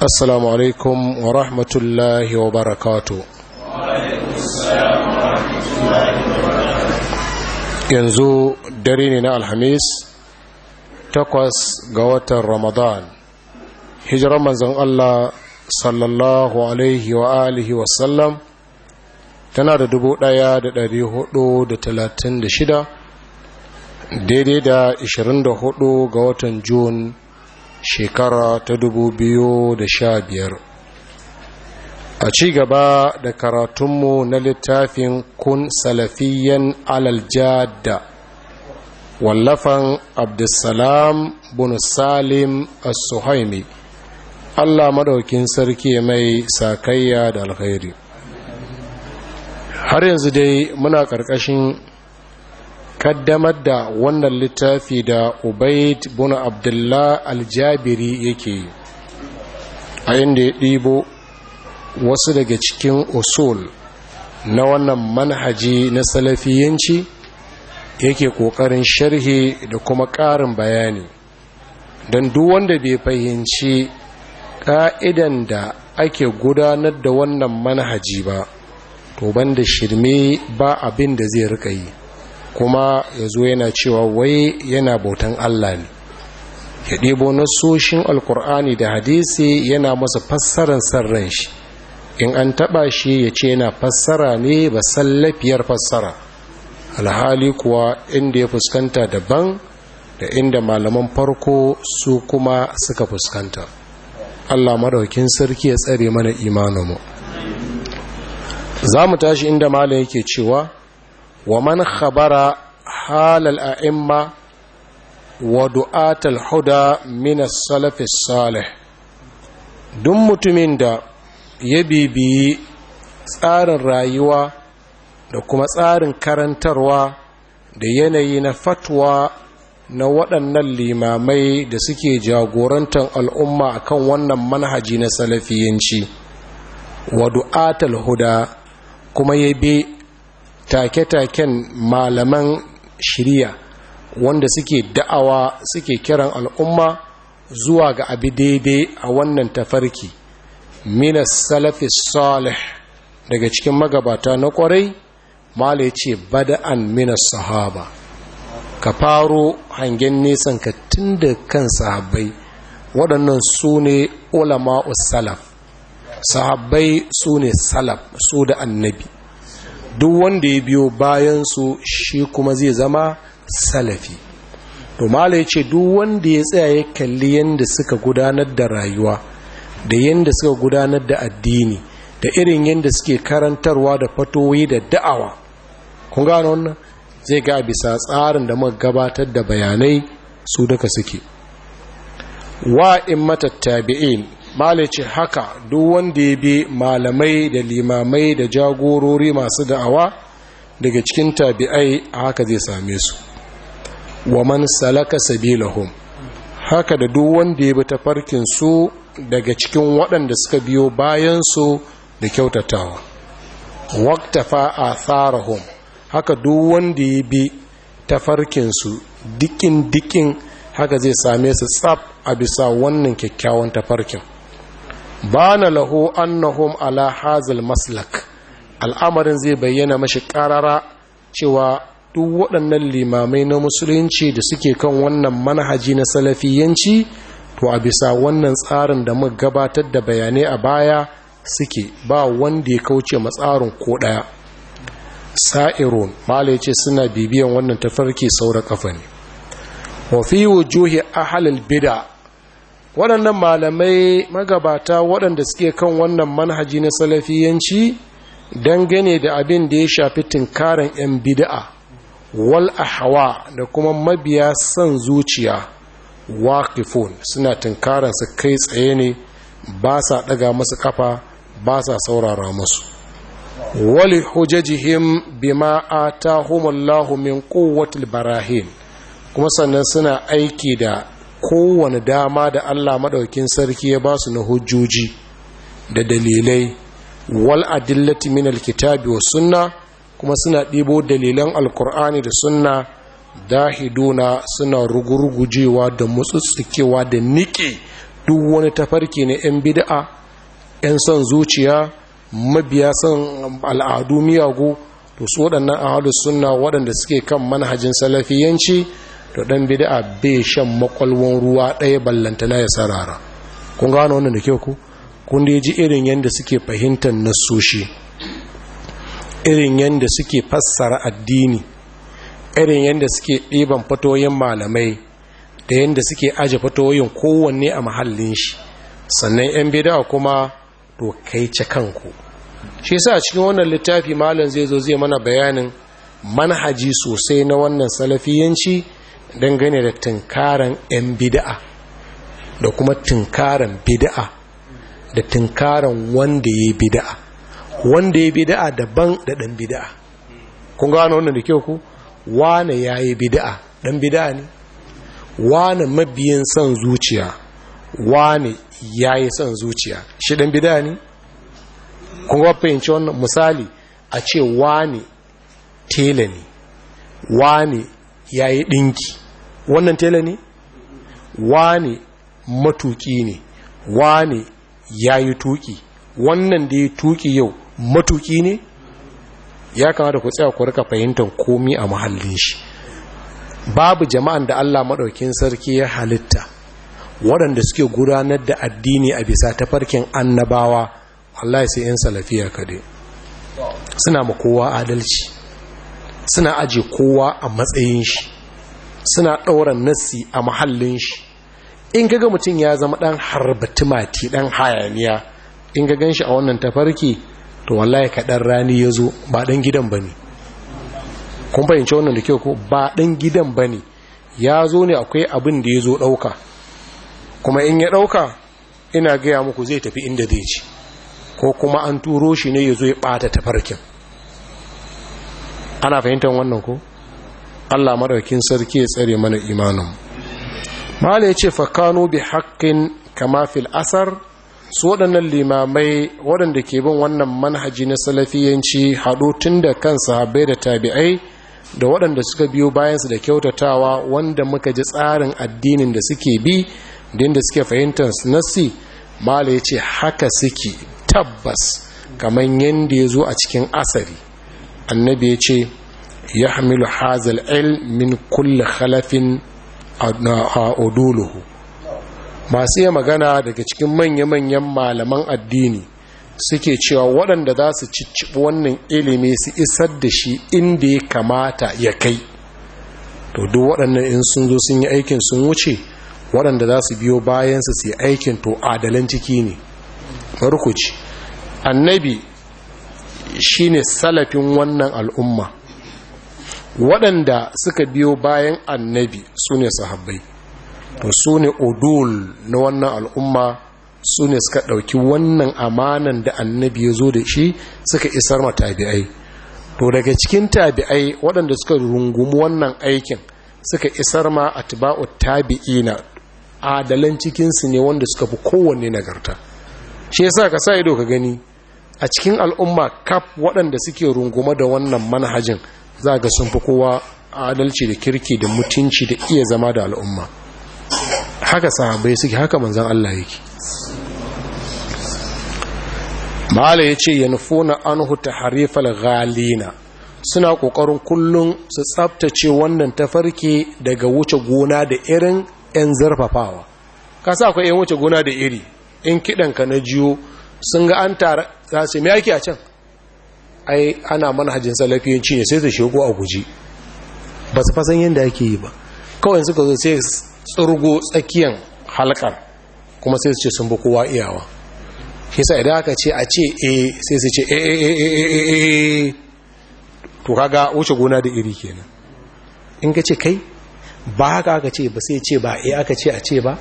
assalamu alaikum wa rahmatullahi wa barakatu yanzu dare ne na alhamis takwas ga watan ramadan hijirar manzan allah sallallahu alaihi wa alihi wasallam tana da dubu ɗaya da dari hudu da talatin da shida daidai da ishirin da hudu ga watan Jun. shekara ta dubu biyu da sha biyar. a ci gaba da karatunmu na littafin kun salafiyan alaljada wallafan abdulsalam bunu salim as-suhaimi allah madaukin sarki mai sakayya da alkhairi har yanzu dai muna ƙarƙashin kaddamar da wannan littafi da ubaid bin abdullah aljabiri yake yi a inda ya ɗibo wasu daga cikin usul na wannan manhaji na salafiyanci yake ƙoƙarin sharhi da kuma ƙarin bayani don duk wanda bai fahimci ƙa'idan da ake gudanar da wannan manhaji ba to banda shirme ba abin da zai rika yi kuma ya zo yana cewa wai yana bautan Allah ne ya ɗebo nasoshin alkur'ani da hadisi yana masa fassarar sarran shi in an taɓa shi ya ce yana fassara ne ba sallafiyar fassara alhali kuwa inda ya fuskanta daban da inda malaman farko su kuma suka fuskanta Allah maraukin sarki ya tsare mana mu. za mu tashi inda malam yake cewa wa man khabara halal a'imma wa du'atal huda min as-salaf salih duk mutumin da ya bibiyi tsarin rayuwa da kuma tsarin karantarwa da yanayi na fatwa na waɗannan limamai da suke jagorantar al'umma akan wannan manhaji na salafiyanci wa huda kuma ya bi take-taken malaman shirya wanda suke da'awa suke kiran al'umma zuwa ga abi daidai a wannan tafarki mina salafi salih daga cikin magabata na kwarai mala ya ce bada'an mina sahaba ka faro hangen nesan ka tun da kan sahabai waɗannan su ne ulama'u salaf sahabbai su ne salaf su da annabi duk wanda ya biyo bayansu shi kuma zai zama salafi to mala ya ce duk wanda ya tsaya ya kalli yadda suka gudanar da rayuwa da yadda suka gudanar da addini da irin yadda suke karantarwa da fatoyi da da'awa kun gano wannan zai ga bisa tsarin da muka gabatar da bayanai su duka suke wa'in matattabi'in malice haka duk wanda ya bi malamai da limamai da jagorori masu da'awa daga cikin tabi'ai a haka zai same su wa man salaka sabilahum haka da duk wanda ya bi tafarkin su daga cikin waɗanda suka biyo bayan su da kyautatawa waqtafa atharahum haka duk wanda ya bi tafarkin su dikin dikin haka zai same su tsaf a bisa wannan kyakkyawan tafarkin bana laho annahum ala hazal maslak al'amarin zai bayyana mashi karara cewa duk waɗannan limamai na musulunci da suke kan wannan manhaji na salafiyanci to a bisa wannan tsarin da muka gabatar da bayanai a baya suke ba wanda ya kauce matsarin ko ɗaya sa'irun mala ya suna bibiyan wannan tafarki saura kafa ne fi wujuhi ahalil bida waɗannan malamai magabata waɗanda suke kan wannan manhaji na salafiyanci dangane da abin da ya shafi tunkarin 'yan bida'a wal hawa da kuma mabiya son zuciya waqifun suna tunkarin su kai tsaye ne ba sa ɗaga masu kafa ba sa saurara musu wali hujajihim bima atahumullahu min kowatul barahin kuma sannan suna aiki da kowane dama da Allah maɗaukin sarki ya ba su na hujjoji da dalilai wal adillati min alkitabi wa sunna kuma suna ɗibo dalilan alkur'ani da sunna dahiduna suna rugurgujewa da mutsutsukewa da niƙe duk wani tafarki ne, 'yan bid'a 'yan son zuciya mabiya son al'adu miyagu to su waɗannan ahalus sunna waɗanda suke kan manhajin salafiyanci to dan bid'a bai shan makwalwan ruwa ɗaya ballantana ya sarara kun gano wannan da kyau ku kun da ji irin yadda suke fahimtar nasoshi irin yadda suke fassara addini irin yadda suke ɗiban fatoyin malamai da yadda suke aje fatoyin kowanne a mahallin shi sannan 'yan bida kuma to kai ce kanku shi a cikin wannan littafi malam zai zo zai mana bayanin manhaji sosai na wannan salafiyanci dangane da tunkaran 'yan bida'a da kuma tunkaran bida'a da tunkaran wanda ya yi bida'a wanda ya bida'a daban da ɗan bida'a kun gano wannan da kyau ku wane ya yi bida'a ɗan bida'a ne wane mabiyin son zuciya wane ya yi son zuciya shi ɗan bida'a ne kun ga fahimci wannan misali a ce wane tela ne wane ya yi ɗinki wannan tela ne wane matuki ne Wani ya yi tuki wannan da ya tuki yau matuki ne ya kamata ku tsaya ku rika fahimtar komi a mahallin shi babu jama'an da Allah maɗaukin sarki ya halitta waɗanda suke gudanar da addini a bisa tafarkin annabawa Allah sai yin salafiya kaɗai suna ma kowa adalci suna aje kowa a matsayin shi suna ɗaura nassi a mahallin shi in gaga mutum ya zama ɗan harbati mati ɗan hayaniya in gagan shi a wannan tafarki to wallahi kaɗan rani ya zo ba ɗan gidan ba ne Kuma fahimci wannan da kyau ko ba ɗan gidan ba ne ya zo ne akwai abin da ya zo ɗauka kuma in ya ɗauka ina gaya muku zai tafi inda zai ci ko kuma an turo shi ne ya zo ya ɓata tafarkin ana fahimtar wannan ko Allah madaukin sarki ya tsare mana imanin mala yace fa kanu bi haqqin kama fil asar su waɗannan limamai waɗanda ke bin wannan manhaji na salafiyanci haɗu tun da kan sahabbai da tabi'ai da waɗanda suka biyo bayansu da kyautatawa wanda muka ji tsarin addinin da suke bi da suke fahimtar nasi mala ya ce haka suke tabbas kamar yadda ya zo a cikin asari annabi ya ce ya hamilu hazal il min kulle khalafin a oduluhu masu iya magana daga cikin manya-manyan malaman addini suke cewa waɗanda za su cicciɓi wannan ilimi su isar da shi inda ya kamata ya kai to duk waɗannan in sun zo sun yi aikin sun wuce waɗanda za su biyo bayansu su yi aikin to adalan ciki ne barkuci annabi shine salafin wannan al'umma waɗanda suka biyo bayan annabi su ne sahabbai to su ne odul na wannan al'umma su ne suka ɗauki wannan amanan da annabi ya zo da shi suka isar ma tabi'ai to daga cikin tabi'ai waɗanda suka rungumi wannan aikin suka isar ma atba'u tabi'ina adalan cikinsu ne wanda suka fi kowanne nagarta shi yasa ka sa ido ka gani a cikin al'umma kaf waɗanda suke rungume da wannan manhajin za ga sun fi kowa adalci da kirki da mutunci da iya zama da al'umma haka sahabai suke haka manzan Allah yake ma'ala ya ce yanfuna anhu harifar ghalina suna ƙoƙarin kullum su tsabtace wannan tafarki daga wuce gona da irin 'yan zarfafawa kasa akwai 'yan wuce gona da iri in kiɗanka na jiyo sun ga an tara za su me ake a can ai ana manhajin salafiyanci ne sai su shigo a guji ba su fasan yadda ake yi ba kawai suka zo sai tsurgo tsakiyan halkar kuma sai su ce sun bi kowa iyawa yasa idan aka ce a ce e sai su ce e e e e, e, e, e to kaga wuce gona da iri kenan in ka ce kai ba haka aka ce ba sai ce ba e aka ce a ce ba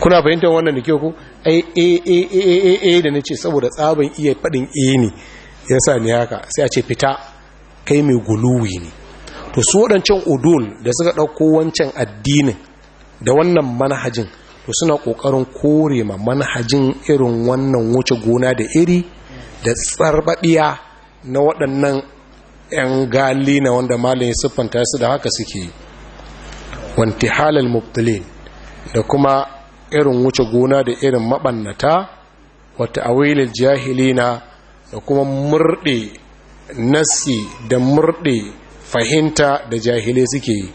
kuna fahimtar wannan da kyau ku ai a da na ce saboda tsabin iya faɗin a ne ya sa ni haka sai a ce fita kai mai guluwi ne to su waɗancan udul da suka ɗauko wancan addinin da wannan manhajin to suna ƙoƙarin kore ma manhajin irin wannan wuce gona da iri da tsarbaɗiya na waɗannan 'yan gali na wanda malin siffanta su da haka suke wanti halal mubtilin da kuma irin wuce gona da irin maɓannata wata awilil jahilina da kuma murɗe nasi da murɗe fahimta da jahilai suke yi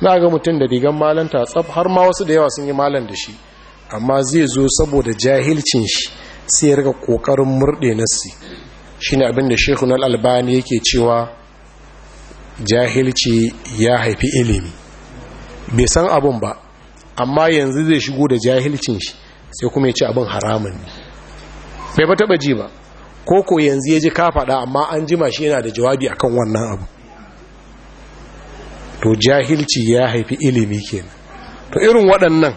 na ga mutum da rigan malanta tsab har ma wasu da yawa sun yi malan da shi amma zai zo saboda jahilcin shi sai ya riga ƙoƙarin murɗe nasi shine abin da shekun al'albani yake cewa jahilci ya haifi ilimi bai san abun ba amma yanzu zai shigo da jahilcin shi sai kuma ya ci abin haramun ne bai ba taba ji ba ko ko yanzu ya ji ka faɗa amma an shi yana da jawabi akan wannan abu to jahilci ya haifi ilimi kenan to irin waɗannan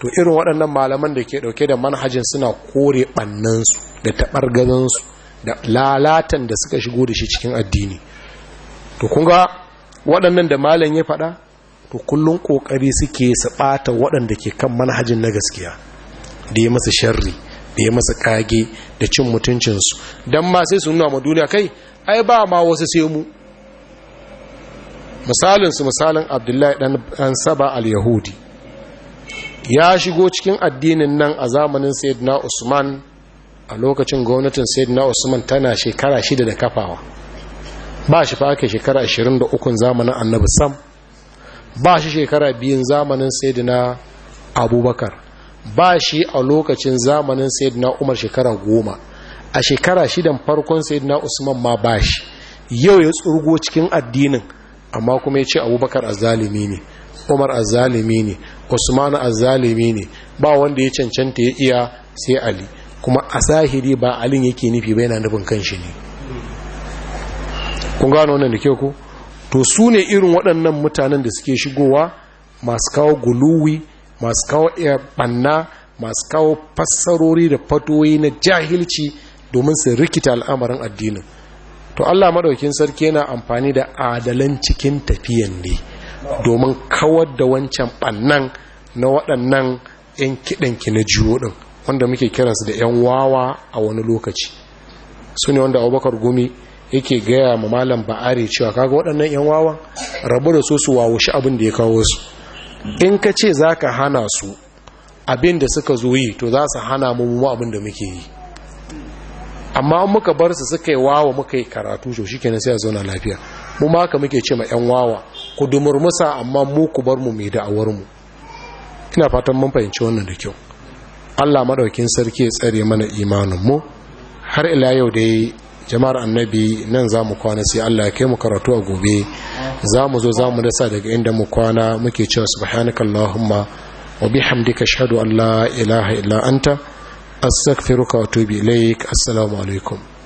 to irin waɗannan malaman da ke ɗauke da manhajin suna kore ɓannansu da taɓargazansu da lalatan da suka shigo da shi cikin addini to kunga waɗannan da malam ya faɗa to kullum kokari suke su bata waɗanda ke kan manhajin na gaskiya da ya masa sharri da ya masa kage da cin mutuncinsu don ma sai su nuna ma duniya kai ai ba ma wasu sai mu misalinsu misalin abdullahi dan saba al-yahudi ya shigo cikin addinin nan a zamanin sayyidina usman a lokacin gwamnatin sayyidina usman tana shekara shida da kafawa ba shi fa ake shekara 23 zamanin annabi sam ba shi shekara biyun zamanin saidina abubakar ba shi a lokacin zamanin saidina umar shekara goma a shekara shidan farkon saidina usman ma ba shi yau ya tsurgo cikin addinin amma kuma ya ce abubakar azalimi ne umar azalimi ne usman azalimi ne ba wanda ya cancanta ya iya sai ali kuma a zahiri ba alin yake nufi ba yana nufin kanshi ne kun gano wannan da ke ku to su ne irin waɗannan mutanen da suke shigowa masu kawo guluwi masu kawo eh, ɓanna masu kawo fassarori da fatoyi na jahilci domin su rikita al'amarin addinin to allah maɗaukin sarki yana amfani da adalan cikin tafiyan ne domin kawar da wancan ɓannan na waɗannan 'yan kiɗanki na jiwo ɗin wanda muke kiransu da 'yan wawa a wani lokaci su ne wanda abubakar gumi yake gaya ma malam ba'ari cewa kaga waɗannan yan wawan rabu da su su wawushi abin da ya kawo su in ka ce za ka hana su abin da suka zo yi to za su hana mu abin da muke yi amma muka bar su suka yi wawa muka yi karatu to kenan sai a zauna lafiya mu ma haka muke ce ma yan wawa ku dumurmusa amma mu ku bar mu mai da'awar mu ina fatan mun fahimci wannan da kyau Allah madaukin sarki ya tsare mana imanin mu har ila yau da jama'ar annabi nan za mu kwana sai Allah ya kai mu karatu a gobe za mu zo za mu dasa daga inda mu kwana muke cewa subhanaka allahumma wa bihamdika ashhadu an la ilaha illa anta astaghfiruka wa atubu ilaik assalamu alaikum